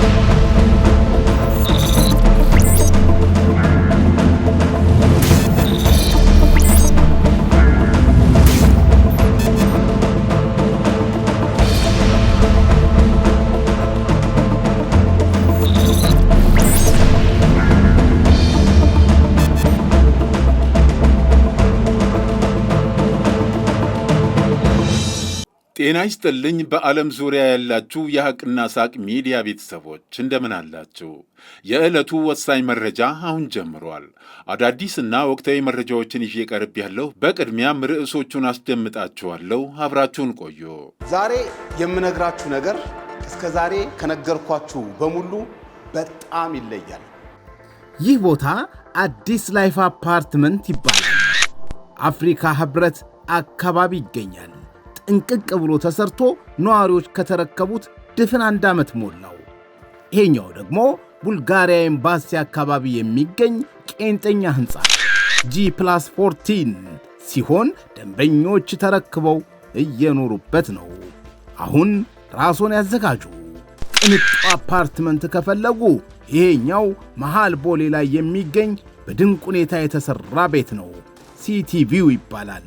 Thank you. ጤና ይስጥልኝ። በዓለም ዙሪያ ያላችሁ የሐቅና ሳቅ ሚዲያ ቤተሰቦች እንደምን አላችሁ? የዕለቱ ወሳኝ መረጃ አሁን ጀምሯል። አዳዲስና ወቅታዊ መረጃዎችን ይዤ ቀርብ ያለሁ። በቅድሚያም ርዕሶቹን አስደምጣችኋለሁ። አብራችሁን ቆዩ። ዛሬ የምነግራችሁ ነገር እስከ ዛሬ ከነገርኳችሁ በሙሉ በጣም ይለያል። ይህ ቦታ አዲስ ላይፍ አፓርትመንት ይባላል። አፍሪካ ህብረት አካባቢ ይገኛል። እንቅቅ ብሎ ተሰርቶ ነዋሪዎች ከተረከቡት ድፍን አንድ ዓመት ሞላው። ይሄኛው ደግሞ ቡልጋሪያ ኤምባሲ አካባቢ የሚገኝ ቄንጠኛ ሕንፃ ጂ ፕላስ 14 ሲሆን ደንበኞች ተረክበው እየኖሩበት ነው። አሁን ራስዎን ያዘጋጁ። ቅንጡ አፓርትመንት ከፈለጉ ይሄኛው መሃል ቦሌ ላይ የሚገኝ በድንቅ ሁኔታ የተሠራ ቤት ነው። ሲቲቪው ይባላል።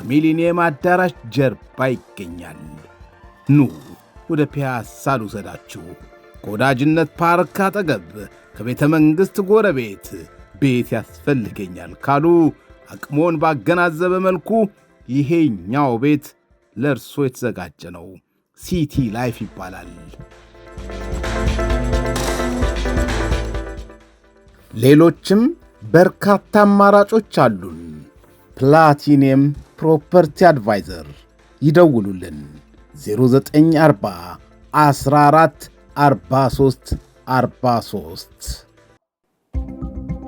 ከሚሊኒየም አዳራሽ ጀርባ ይገኛል። ኑ ወደ ፒያሳ ልውሰዳችሁ። ከወዳጅነት ፓርክ አጠገብ ከቤተ መንግሥት ጎረቤት ቤት ያስፈልገኛል ካሉ አቅሞን ባገናዘበ መልኩ ይሄኛው ቤት ለእርሶ የተዘጋጀ ነው። ሲቲ ላይፍ ይባላል። ሌሎችም በርካታ አማራጮች አሉን። ፕላቲኒየም ፕሮፐርቲ አድቫይዘር ይደውሉልን 0940 14 43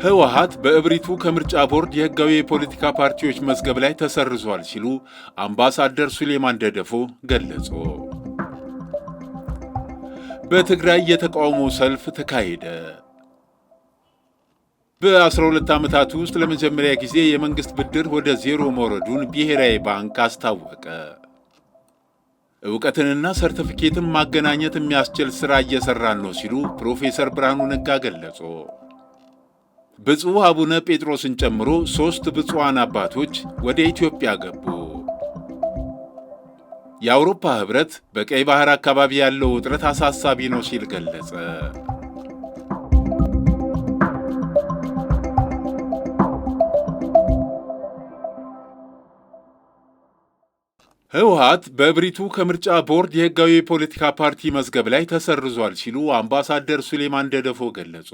43 በእብሪቱ ከምርጫ ቦርድ የህጋዊ የፖለቲካ ፓርቲዎች መዝገብ ላይ ተሰርዟል ሲሉ አምባሳደር ሱሌማን ደደፎ ገለጹ። በትግራይ የተቃውሞ ሰልፍ ተካሄደ። በ12 ዓመታት ውስጥ ለመጀመሪያ ጊዜ የመንግሥት ብድር ወደ ዜሮ መውረዱን ብሔራዊ ባንክ አስታወቀ። እውቀትንና ሰርተፊኬትን ማገናኘት የሚያስችል ሥራ እየሠራን ነው ሲሉ ፕሮፌሰር ብርሃኑ ነጋ ገለጹ። ብፁዕ አቡነ ጴጥሮስን ጨምሮ ሦስት ብፁዓን አባቶች ወደ ኢትዮጵያ ገቡ። የአውሮፓ ኅብረት በቀይ ባሕር አካባቢ ያለው ውጥረት አሳሳቢ ነው ሲል ገለጸ። ህወሀት በእብሪቱ ከምርጫ ቦርድ የህጋዊ የፖለቲካ ፓርቲ መዝገብ ላይ ተሰርዟል ሲሉ አምባሳደር ሱሌማን ደደፎ ገለጹ።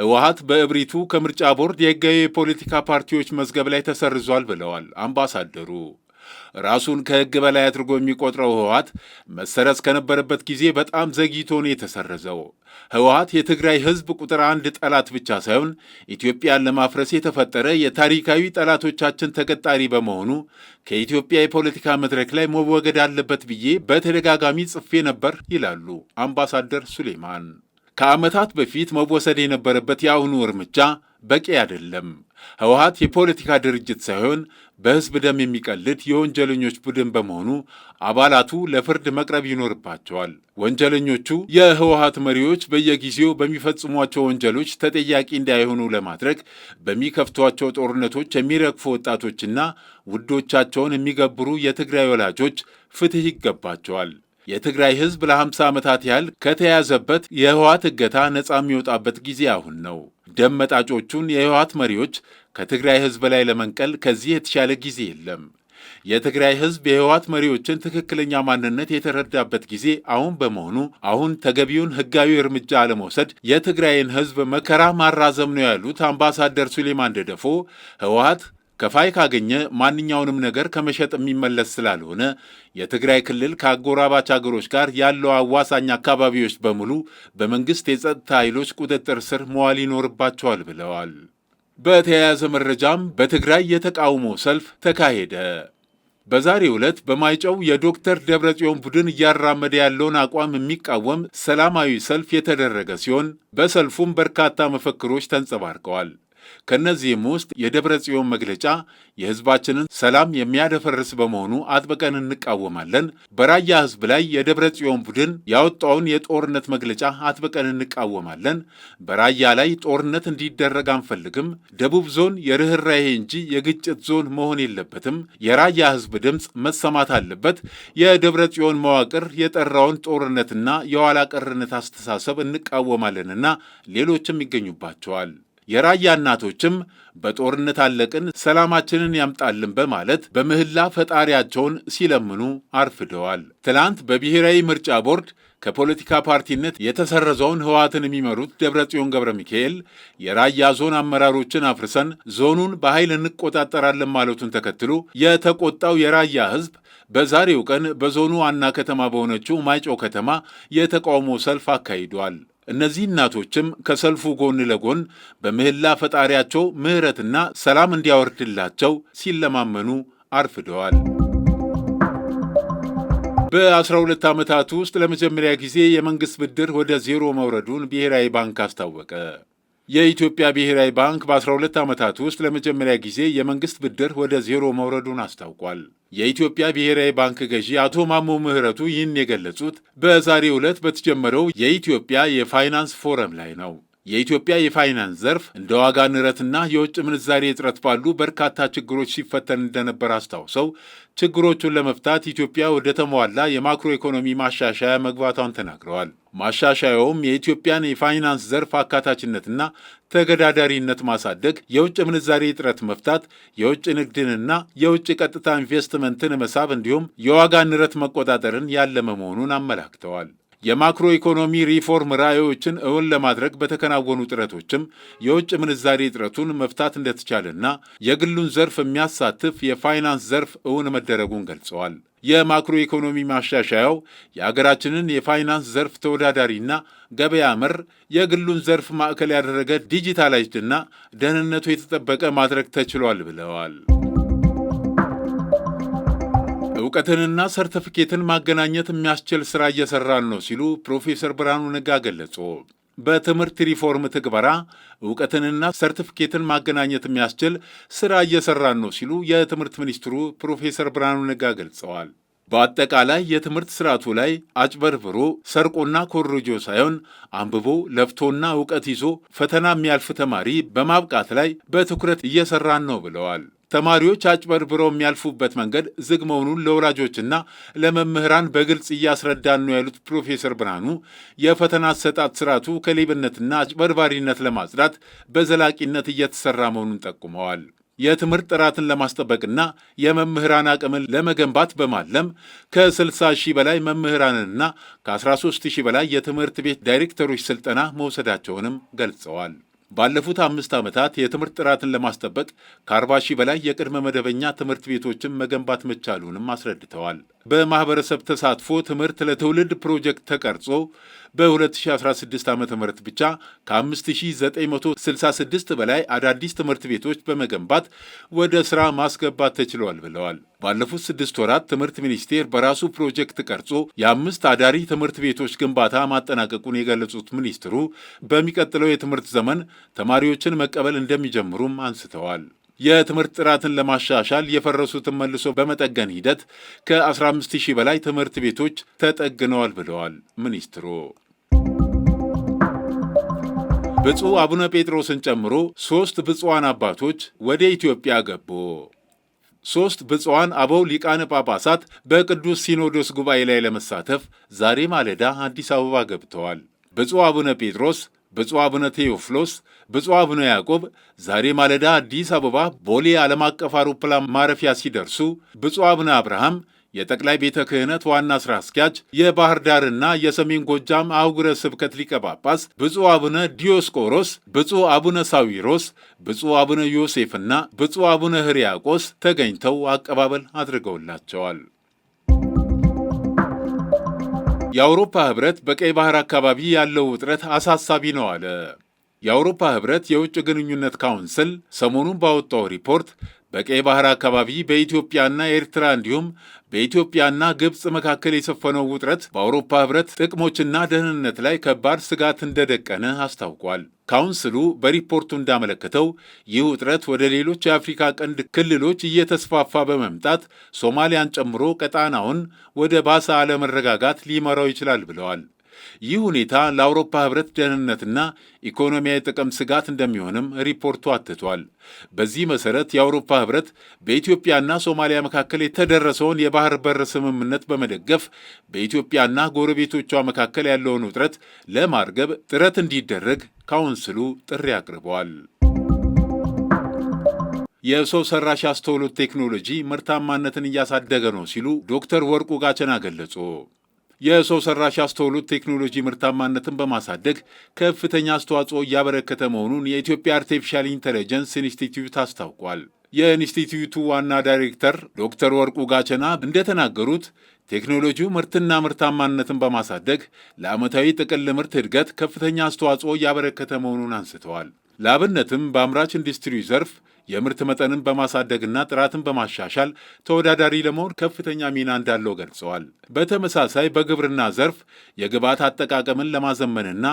ህወሀት በእብሪቱ ከምርጫ ቦርድ የህጋዊ የፖለቲካ ፓርቲዎች መዝገብ ላይ ተሰርዟል ብለዋል አምባሳደሩ። ራሱን ከሕግ በላይ አድርጎ የሚቆጥረው ህወሓት መሰረዝ ከነበረበት ጊዜ በጣም ዘግይቶ ነው የተሰረዘው። ህወሓት የትግራይ ህዝብ ቁጥር አንድ ጠላት ብቻ ሳይሆን ኢትዮጵያን ለማፍረስ የተፈጠረ የታሪካዊ ጠላቶቻችን ተቀጣሪ በመሆኑ ከኢትዮጵያ የፖለቲካ መድረክ ላይ መወገድ አለበት ብዬ በተደጋጋሚ ጽፌ ነበር ይላሉ አምባሳደር ሱሌማን። ከዓመታት በፊት መወሰድ የነበረበት የአሁኑ እርምጃ በቂ አይደለም። ህወሀት የፖለቲካ ድርጅት ሳይሆን በህዝብ ደም የሚቀልድ የወንጀለኞች ቡድን በመሆኑ አባላቱ ለፍርድ መቅረብ ይኖርባቸዋል። ወንጀለኞቹ የህወሀት መሪዎች በየጊዜው በሚፈጽሟቸው ወንጀሎች ተጠያቂ እንዳይሆኑ ለማድረግ በሚከፍቷቸው ጦርነቶች የሚረግፉ ወጣቶችና ውዶቻቸውን የሚገብሩ የትግራይ ወላጆች ፍትህ ይገባቸዋል። የትግራይ ህዝብ ለ50 ዓመታት ያህል ከተያዘበት የህወሀት እገታ ነፃ የሚወጣበት ጊዜ አሁን ነው። ደም መጣጮቹን የህወሓት መሪዎች ከትግራይ ህዝብ ላይ ለመንቀል ከዚህ የተሻለ ጊዜ የለም። የትግራይ ህዝብ የህወሓት መሪዎችን ትክክለኛ ማንነት የተረዳበት ጊዜ አሁን በመሆኑ አሁን ተገቢውን ህጋዊ እርምጃ አለመውሰድ የትግራይን ህዝብ መከራ ማራዘም ነው ያሉት አምባሳደር ሱሌማን ደደፎ ህወሓት ከፋይ ካገኘ ማንኛውንም ነገር ከመሸጥ የሚመለስ ስላልሆነ የትግራይ ክልል ከአጎራባች አገሮች ጋር ያለው አዋሳኝ አካባቢዎች በሙሉ በመንግስት የጸጥታ ኃይሎች ቁጥጥር ስር መዋል ይኖርባቸዋል ብለዋል። በተያያዘ መረጃም በትግራይ የተቃውሞ ሰልፍ ተካሄደ። በዛሬ ዕለት በማይጨው የዶክተር ደብረጽዮን ቡድን እያራመደ ያለውን አቋም የሚቃወም ሰላማዊ ሰልፍ የተደረገ ሲሆን በሰልፉም በርካታ መፈክሮች ተንጸባርቀዋል። ከእነዚህም ውስጥ የደብረ ጽዮን መግለጫ የህዝባችንን ሰላም የሚያደፈርስ በመሆኑ አጥብቀን እንቃወማለን። በራያ ህዝብ ላይ የደብረ ጽዮን ቡድን ያወጣውን የጦርነት መግለጫ አጥብቀን እንቃወማለን። በራያ ላይ ጦርነት እንዲደረግ አንፈልግም። ደቡብ ዞን የርኅራሄ እንጂ የግጭት ዞን መሆን የለበትም። የራያ ህዝብ ድምፅ መሰማት አለበት። የደብረ ጽዮን መዋቅር የጠራውን ጦርነትና የኋላ ቀርነት አስተሳሰብ እንቃወማለንና ሌሎችም ይገኙባቸዋል። የራያ እናቶችም በጦርነት አለቅን ሰላማችንን ያምጣልን በማለት በምህላ ፈጣሪያቸውን ሲለምኑ አርፍደዋል። ትላንት በብሔራዊ ምርጫ ቦርድ ከፖለቲካ ፓርቲነት የተሰረዘውን ህወሓትን የሚመሩት ደብረጽዮን ገብረ ሚካኤል የራያ ዞን አመራሮችን አፍርሰን ዞኑን በኃይል እንቆጣጠራለን ማለቱን ተከትሎ የተቆጣው የራያ ህዝብ በዛሬው ቀን በዞኑ ዋና ከተማ በሆነችው ማይጮ ከተማ የተቃውሞ ሰልፍ አካሂዷል። እነዚህ እናቶችም ከሰልፉ ጎን ለጎን በምህላ ፈጣሪያቸው ምሕረትና ሰላም እንዲያወርድላቸው ሲለማመኑ አርፍደዋል። በ12 ዓመታት ውስጥ ለመጀመሪያ ጊዜ የመንግሥት ብድር ወደ ዜሮ መውረዱን ብሔራዊ ባንክ አስታወቀ። የኢትዮጵያ ብሔራዊ ባንክ በ12 ዓመታት ውስጥ ለመጀመሪያ ጊዜ የመንግስት ብድር ወደ ዜሮ መውረዱን አስታውቋል። የኢትዮጵያ ብሔራዊ ባንክ ገዢ አቶ ማሞ ምህረቱ ይህን የገለጹት በዛሬ ዕለት በተጀመረው የኢትዮጵያ የፋይናንስ ፎረም ላይ ነው። የኢትዮጵያ የፋይናንስ ዘርፍ እንደ ዋጋ ንረትና የውጭ ምንዛሬ እጥረት ባሉ በርካታ ችግሮች ሲፈተን እንደነበር አስታውሰው ችግሮቹን ለመፍታት ኢትዮጵያ ወደ ተሟላ የማክሮ ኢኮኖሚ ማሻሻያ መግባቷን ተናግረዋል። ማሻሻያውም የኢትዮጵያን የፋይናንስ ዘርፍ አካታችነትና ተገዳዳሪነት ማሳደግ፣ የውጭ ምንዛሬ እጥረት መፍታት፣ የውጭ ንግድንና የውጭ ቀጥታ ኢንቨስትመንትን መሳብ እንዲሁም የዋጋ ንረት መቆጣጠርን ያለመ መሆኑን አመላክተዋል። የማክሮ ኢኮኖሚ ሪፎርም ራዕዮችን እውን ለማድረግ በተከናወኑ ጥረቶችም የውጭ ምንዛሬ እጥረቱን መፍታት እንደተቻለና የግሉን ዘርፍ የሚያሳትፍ የፋይናንስ ዘርፍ እውን መደረጉን ገልጸዋል። የማክሮ ኢኮኖሚ ማሻሻያው የአገራችንን የፋይናንስ ዘርፍ ተወዳዳሪና ገበያ መር የግሉን ዘርፍ ማዕከል ያደረገ ዲጂታላይዝድና ደህንነቱ የተጠበቀ ማድረግ ተችሏል ብለዋል። እውቀትንና ሰርተፍኬትን ማገናኘት የሚያስችል ስራ እየሰራን ነው ሲሉ ፕሮፌሰር ብርሃኑ ነጋ ገለጹ። በትምህርት ሪፎርም ትግበራ እውቀትንና ሰርቲፊኬትን ማገናኘት የሚያስችል ስራ እየሰራን ነው ሲሉ የትምህርት ሚኒስትሩ ፕሮፌሰር ብርሃኑ ነጋ ገልጸዋል። በአጠቃላይ የትምህርት ስርዓቱ ላይ አጭበርብሮ ሰርቆና ኮርጆ ሳይሆን አንብቦ ለፍቶና እውቀት ይዞ ፈተና የሚያልፍ ተማሪ በማብቃት ላይ በትኩረት እየሰራን ነው ብለዋል። ተማሪዎች አጭበርብረው የሚያልፉበት መንገድ ዝግ መሆኑን ለወላጆችና ለመምህራን በግልጽ እያስረዳን ነው ያሉት ፕሮፌሰር ብርሃኑ የፈተና አሰጣጥ ስርዓቱ ከሌብነትና አጭበርባሪነት ለማጽዳት በዘላቂነት እየተሰራ መሆኑን ጠቁመዋል። የትምህርት ጥራትን ለማስጠበቅና የመምህራን አቅምን ለመገንባት በማለም ከ60 ሺህ በላይ መምህራንና ከ13 ሺህ በላይ የትምህርት ቤት ዳይሬክተሮች ስልጠና መውሰዳቸውንም ገልጸዋል። ባለፉት አምስት ዓመታት የትምህርት ጥራትን ለማስጠበቅ ከ ሺህ በላይ የቅድመ መደበኛ ትምህርት ቤቶችን መገንባት መቻሉንም አስረድተዋል። በማኅበረሰብ ተሳትፎ ትምህርት ለትውልድ ፕሮጀክት ተቀርጾ በ2016 ዓ ም ብቻ ከ5966 በላይ አዳዲስ ትምህርት ቤቶች በመገንባት ወደ ሥራ ማስገባት ተችሏል ብለዋል። ባለፉት ስድስት ወራት ትምህርት ሚኒስቴር በራሱ ፕሮጀክት ቀርጾ የአምስት አዳሪ ትምህርት ቤቶች ግንባታ ማጠናቀቁን የገለጹት ሚኒስትሩ በሚቀጥለው የትምህርት ዘመን ተማሪዎችን መቀበል እንደሚጀምሩም አንስተዋል። የትምህርት ጥራትን ለማሻሻል የፈረሱትን መልሶ በመጠገን ሂደት ከ15 ሺህ በላይ ትምህርት ቤቶች ተጠግነዋል ብለዋል ሚኒስትሩ። ብፁዕ አቡነ ጴጥሮስን ጨምሮ ሦስት ብፁዓን አባቶች ወደ ኢትዮጵያ ገቡ። ሦስት ብፁዓን አበው ሊቃነ ጳጳሳት በቅዱስ ሲኖዶስ ጉባኤ ላይ ለመሳተፍ ዛሬ ማለዳ አዲስ አበባ ገብተዋል። ብፁዕ አቡነ ጴጥሮስ ብፁዕ አቡነ ቴዎፍሎስ፣ ብፁዕ አቡነ ያዕቆብ ዛሬ ማለዳ አዲስ አበባ ቦሌ ዓለም አቀፍ አውሮፕላን ማረፊያ ሲደርሱ ብፁዕ አቡነ አብርሃም የጠቅላይ ቤተ ክህነት ዋና ሥራ አስኪያጅ የባህር ዳርና የሰሜን ጎጃም አህጉረ ስብከት ሊቀ ጳጳስ ብፁዕ አቡነ ዲዮስቆሮስ፣ ብፁዕ አቡነ ሳዊሮስ፣ ብፁዕ አቡነ ዮሴፍና ብፁዕ አቡነ ሕርያቆስ ተገኝተው አቀባበል አድርገውላቸዋል። የአውሮፓ ህብረት በቀይ ባህር አካባቢ ያለው ውጥረት አሳሳቢ ነው አለ። የአውሮፓ ህብረት የውጭ ግንኙነት ካውንስል ሰሞኑን ባወጣው ሪፖርት በቀይ ባህር አካባቢ በኢትዮጵያና ኤርትራ እንዲሁም በኢትዮጵያና ግብፅ መካከል የሰፈነው ውጥረት በአውሮፓ ህብረት ጥቅሞችና ደህንነት ላይ ከባድ ስጋት እንደደቀነ አስታውቋል። ካውንስሉ በሪፖርቱ እንዳመለከተው ይህ ውጥረት ወደ ሌሎች የአፍሪካ ቀንድ ክልሎች እየተስፋፋ በመምጣት ሶማሊያን ጨምሮ ቀጣናውን ወደ ባሰ አለመረጋጋት ሊመራው ይችላል ብለዋል። ይህ ሁኔታ ለአውሮፓ ህብረት ደህንነትና ኢኮኖሚያዊ ጥቅም ስጋት እንደሚሆንም ሪፖርቱ አትቷል። በዚህ መሰረት የአውሮፓ ህብረት በኢትዮጵያና ሶማሊያ መካከል የተደረሰውን የባህር በር ስምምነት በመደገፍ በኢትዮጵያና ጎረቤቶቿ መካከል ያለውን ውጥረት ለማርገብ ጥረት እንዲደረግ ካውንስሉ ጥሪ አቅርበዋል። የሰው ሰራሽ አስተውሎት ቴክኖሎጂ ምርታማነትን እያሳደገ ነው ሲሉ ዶክተር ወርቁ ጋቸና ገለጹ። የሰው ሰራሽ አስተውሎት ቴክኖሎጂ ምርታማነትን በማሳደግ ከፍተኛ አስተዋጽኦ እያበረከተ መሆኑን የኢትዮጵያ አርቲፊሻል ኢንተለጀንስ ኢንስቲትዩት አስታውቋል። የኢንስቲትዩቱ ዋና ዳይሬክተር ዶክተር ወርቁ ጋቸና እንደተናገሩት ቴክኖሎጂው ምርትና ምርታማነትን በማሳደግ ለዓመታዊ ጥቅል ምርት እድገት ከፍተኛ አስተዋጽኦ እያበረከተ መሆኑን አንስተዋል። ለአብነትም በአምራች ኢንዱስትሪ ዘርፍ የምርት መጠንን በማሳደግና ጥራትን በማሻሻል ተወዳዳሪ ለመሆን ከፍተኛ ሚና እንዳለው ገልጸዋል። በተመሳሳይ በግብርና ዘርፍ የግብዓት አጠቃቀምን ለማዘመንና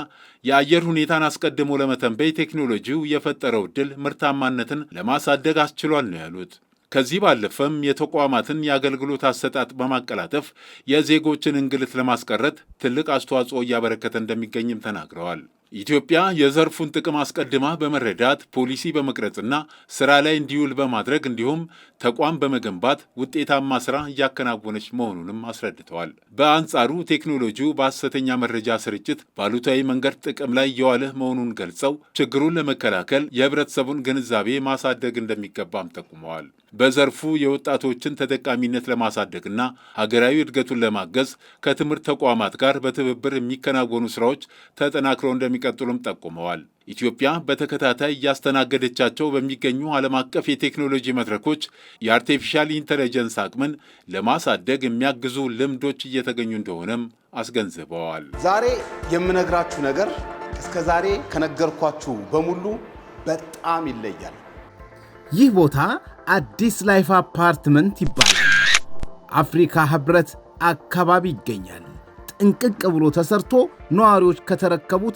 የአየር ሁኔታን አስቀድሞ ለመተንበይ ቴክኖሎጂው የፈጠረው ድል ምርታማነትን ለማሳደግ አስችሏል ነው ያሉት። ከዚህ ባለፈም የተቋማትን የአገልግሎት አሰጣጥ በማቀላጠፍ የዜጎችን እንግልት ለማስቀረት ትልቅ አስተዋጽኦ እያበረከተ እንደሚገኝም ተናግረዋል። ኢትዮጵያ የዘርፉን ጥቅም አስቀድማ በመረዳት ፖሊሲ በመቅረጽና ስራ ላይ እንዲውል በማድረግ እንዲሁም ተቋም በመገንባት ውጤታማ ስራ እያከናወነች መሆኑንም አስረድተዋል። በአንጻሩ ቴክኖሎጂው በሐሰተኛ መረጃ ስርጭት ባሉታዊ መንገድ ጥቅም ላይ እየዋለ መሆኑን ገልጸው ችግሩን ለመከላከል የህብረተሰቡን ግንዛቤ ማሳደግ እንደሚገባም ጠቁመዋል። በዘርፉ የወጣቶችን ተጠቃሚነት ለማሳደግና ሀገራዊ እድገቱን ለማገዝ ከትምህርት ተቋማት ጋር በትብብር የሚከናወኑ ስራዎች ተጠናክረው እንደሚ እንደሚቀጥሉም ጠቁመዋል። ኢትዮጵያ በተከታታይ እያስተናገደቻቸው በሚገኙ ዓለም አቀፍ የቴክኖሎጂ መድረኮች የአርቴፊሻል ኢንተለጀንስ አቅምን ለማሳደግ የሚያግዙ ልምዶች እየተገኙ እንደሆነም አስገንዝበዋል። ዛሬ የምነግራችሁ ነገር እስከ ዛሬ ከነገርኳችሁ በሙሉ በጣም ይለያል። ይህ ቦታ አዲስ ላይፍ አፓርትመንት ይባላል። አፍሪካ ህብረት አካባቢ ይገኛል። ጥንቅቅ ብሎ ተሰርቶ ነዋሪዎች ከተረከቡት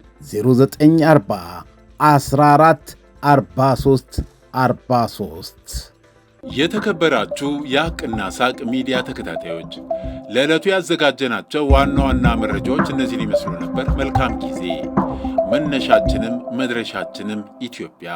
0940 14 43 43 የተከበራችሁ የሐቅና ሳቅ ሚዲያ ተከታታዮች ለዕለቱ ያዘጋጀናቸው ዋና ዋና መረጃዎች እነዚህን ይመስሉ ነበር። መልካም ጊዜ። መነሻችንም መድረሻችንም ኢትዮጵያ።